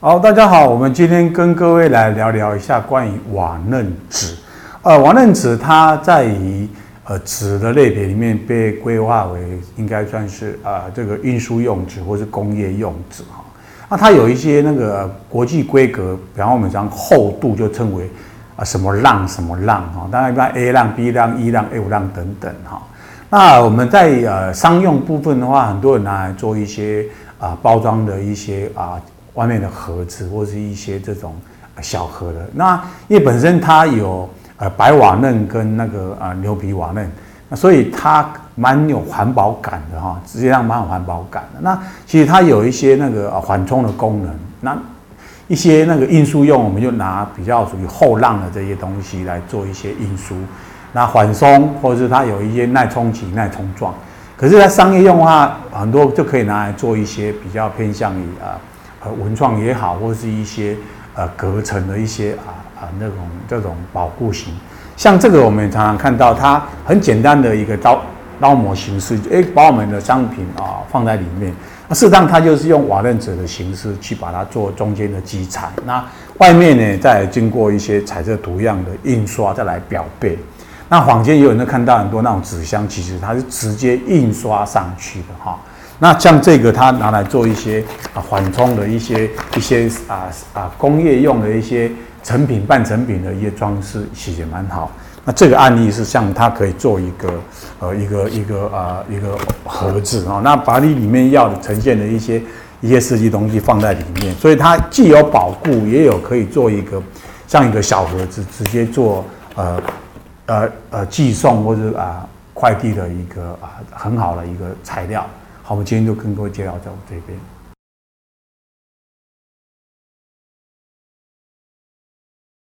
好，大家好，我們今天跟各位來聊聊一下關於瓦楞紙。呃，瓦楞紙它在於呃紙的類別裡面被規劃為應該算是啊、呃、這個運輸用紙或是工業用紙哈。那、啊、它有一些那個國際規格，比方我們講厚度就稱為啊什麼浪什麼浪哈，當、哦、然一般 A 浪、B 浪、E 浪、F 浪等等哈、哦。那我們在呃商用部分的話，很多人拿來做一些啊、呃、包裝的一些啊。呃外面的盒子或是一些這種小盒的。那因為本身它有呃白瓦楞跟那個啊牛皮瓦楞，所以它蠻有環保感的哈，實際上蠻有環保感的。那其實它有一些那個緩衝的功能，那一些那個運輸用，我們就拿比較屬於厚浪的這些東西來做一些運輸。那緩衝或者是它有一些耐衝擊、耐衝撞，可是它商業用的話，很多就可以拿來做一些比較偏向於啊。文創也好，或者是一些呃隔層的一些啊啊、呃、那種這種保護型，像這個我們常常看到，它很簡單的一個刀刀模形式，哎、欸，把我們的商品啊、哦、放在裡面，那事實上它就是用瓦楞紙的形式去把它做中間的基材，那外面呢再經過一些彩色圖樣的印刷再來裱褙，那坊間也有人看到很多那種紙箱，其實它是直接印刷上去的哈。那像這個，它拿來做一些啊緩衝的一些一些啊啊工業用的一些成品、半成品的一些裝飾，其實也蠻好。那這個案例是像它可以做一個呃一個一個啊、呃、一個盒子啊、哦，那把你裡面要呈現的一些一些設計東西放在裡面，所以它既有保固，也有可以做一個像一個小盒子，直接做呃呃呃寄送或者啊、呃、快遞的一個啊、呃、很好的一個材料。好，我們今天就更多介紹在我這邊。